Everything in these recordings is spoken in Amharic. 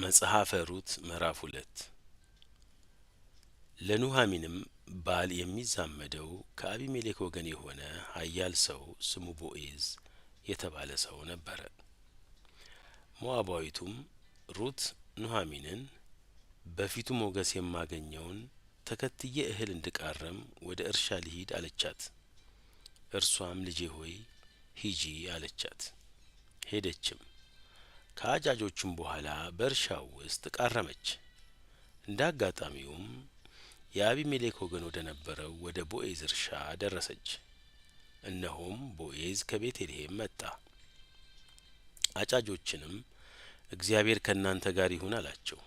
መጽሐፈ ሩት ምዕራፍ ሁለት ለኑሀሚንም ባል የሚዛመደው ከአቢሜሌክ ወገን የሆነ ሀያል ሰው ስሙ ቦኤዝ የተባለ ሰው ነበረ። ሞአባዊቱም ሩት ኑሀሚንን በፊቱ ሞገስ የማገኘውን ተከትዬ እህል እንድቃረም ወደ እርሻ ልሂድ አለቻት። እርሷም ልጄ ሆይ ሂጂ አለቻት። ሄደችም። ከአጃጆቹም በኋላ በእርሻው ውስጥ ቃረመች። እንደ አጋጣሚውም የአቢሜሌክ ወገን ወደ ነበረው ወደ ቦኤዝ እርሻ ደረሰች። እነሆም ቦኤዝ ከቤተልሔም መጣ። አጫጆችንም እግዚአብሔር ከእናንተ ጋር ይሁን አላቸው።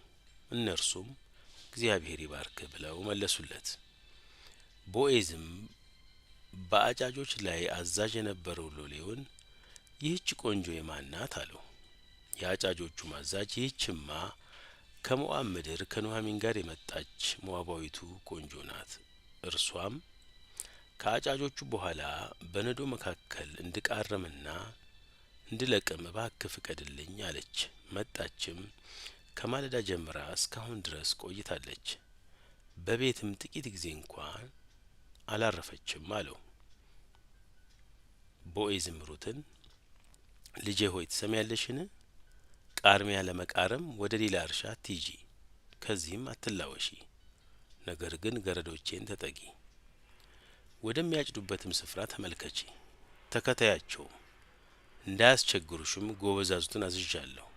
እነርሱም እግዚአብሔር ይባርክ ብለው መለሱለት። ቦኤዝም በአጫጆች ላይ አዛዥ የነበረው ሎሌውን ይህች ቆንጆ የማን ናት አለው። የአጫጆቹ ማዛጅ ይህችማ ከሞዓብ ምድር ከኑሀሚን ጋር የመጣች ሞዓባዊቱ ቆንጆ ናት፣ እርሷም ከአጫጆቹ በኋላ በነዶ መካከል እንድቃረምና እንድለቅም እባክህ ፍቀድልኝ አለች። መጣችም ከማለዳ ጀምራ እስካሁን ድረስ ቆይታለች። በቤትም ጥቂት ጊዜ እንኳን አላረፈችም አለው። ቦዔዝም ሩትን ልጄ ሆይ ትሰሚያለሽን? ቃርሚያ ለመቃረም ወደ ሌላ እርሻ ትጂ፣ ከዚህም አትላወሺ፣ ነገር ግን ገረዶቼን ተጠጊ። ወደሚያጭዱበትም ስፍራ ተመልከቺ፣ ተከታያቸው እንዳያስቸግሩሽም ጐበዛዙትን አዝዣለሁ።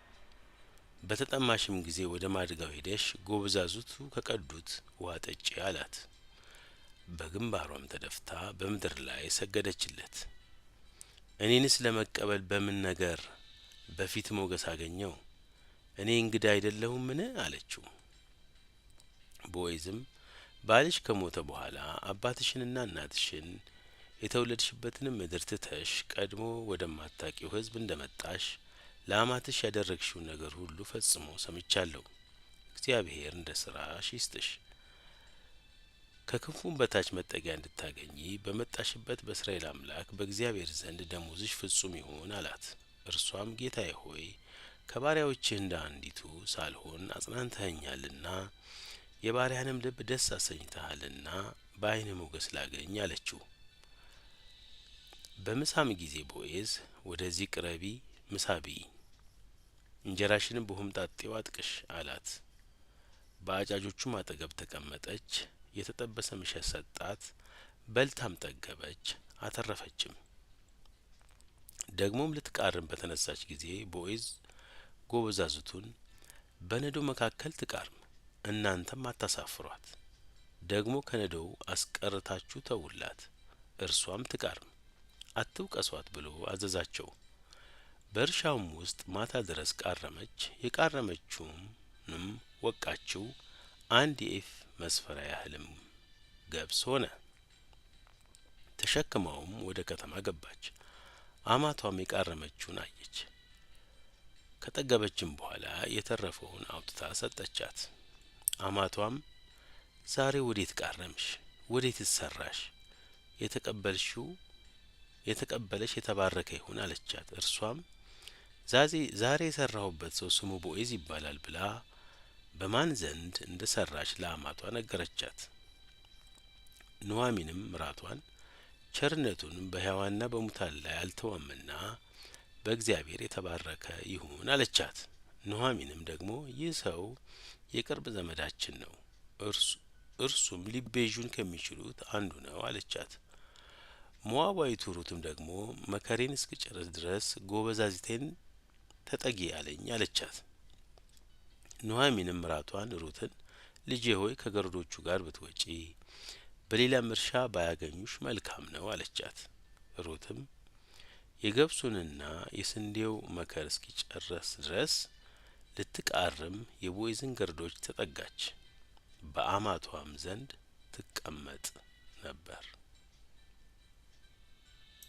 በተጠማሽም ጊዜ ወደ ማድጋው ሄደሽ ጐበዛዙቱ ከቀዱት ውሃ ጠጪ አላት። በግንባሯም ተደፍታ በምድር ላይ ሰገደችለት። እኔንስ ለመቀበል በምን ነገር በፊት ሞገስ አገኘው። እኔ እንግዳ አይደለሁምን አለችው። ቦይዝም ባልሽ ከሞተ በኋላ አባትሽንና እናትሽን የተወለድሽበትንም ምድር ትተሽ ቀድሞ ወደማታቂው ሕዝብ እንደ መጣሽ ለአማትሽ ያደረግሽውን ነገር ሁሉ ፈጽሞ ሰምቻለሁ። እግዚአብሔር እንደ ስራሽ ይስጥሽ፣ ከክንፉም በታች መጠጊያ እንድታገኚ በመጣሽበት በእስራኤል አምላክ በእግዚአብሔር ዘንድ ደሞዝሽ ፍጹም ይሁን አላት። እርሷም ጌታዬ ሆይ ከባሪያዎችህ እንደ አንዲቱ ሳልሆን አጽናንተኸኛልና የባሪያንም ልብ ደስ አሰኝተሃልና በአይን ሞገስ ላገኝ አለችው። በምሳም ጊዜ ቦኤዝ ወደዚህ ቅረቢ፣ ምሳ ብዪ፣ እንጀራሽንም በሆምጣጤው አጥቅሽ አላት። በአጫጆቹም አጠገብ ተቀመጠች። የተጠበሰ ምሸት ሰጣት፣ በልታም ጠገበች፣ አተረፈችም። ደግሞም ልትቃርም በተነሳች ጊዜ ቦይዝ ጎበዛዝቱን በነዶ መካከል ትቃርም፣ እናንተም አታሳፍሯት፣ ደግሞ ከነዶው አስቀርታችሁ ተውላት፣ እርሷም ትቃርም፣ አትውቀሷት ብሎ አዘዛቸው። በእርሻውም ውስጥ ማታ ድረስ ቃረመች። የቃረመችውንም ወቃችው፣ አንድ የኢፍ መስፈሪያ ያህልም ገብስ ሆነ። ተሸክማውም ወደ ከተማ ገባች። አማቷም የቃረመችውን አየች። ከጠገበችም በኋላ የተረፈውን አውጥታ ሰጠቻት። አማቷም ዛሬ ወዴት ቃረምሽ? ወዴት ይሰራሽ? የተቀበልሽው የተቀበለሽ የተባረከ ይሁን አለቻት። እርሷም ዛሬ የሰራሁበት ሰው ስሙ ቦኤዝ ይባላል ብላ በማን ዘንድ እንደ ሰራች ለአማቷ ነገረቻት። ኑዋሚንም ምራቷን ቸርነቱንም በሕያዋንና በሙታን ላይ አልተወምና በእግዚአብሔር የተባረከ ይሁን አለቻት። ኑሀሚንም ደግሞ ይህ ሰው የቅርብ ዘመዳችን ነው፣ እርሱም ሊቤዡን ከሚችሉት አንዱ ነው አለቻት። ሞዓባዊቱ ሩትም ደግሞ መከሬን እስክጨርስ ድረስ ጎበዛዚቴን ተጠጊ አለኝ አለቻት። ኑሀሚንም ምራቷን ሩትን ልጄ ሆይ ከገረዶቹ ጋር ብትወጪ በሌላም እርሻ ባያገኙሽ መልካም ነው አለቻት። ሩትም የገብሱንና የስንዴው መከር እስኪጨረስ ድረስ ልትቃርም የቦይዝን ግርዶች ተጠጋች፣ በአማቷም ዘንድ ትቀመጥ ነበር።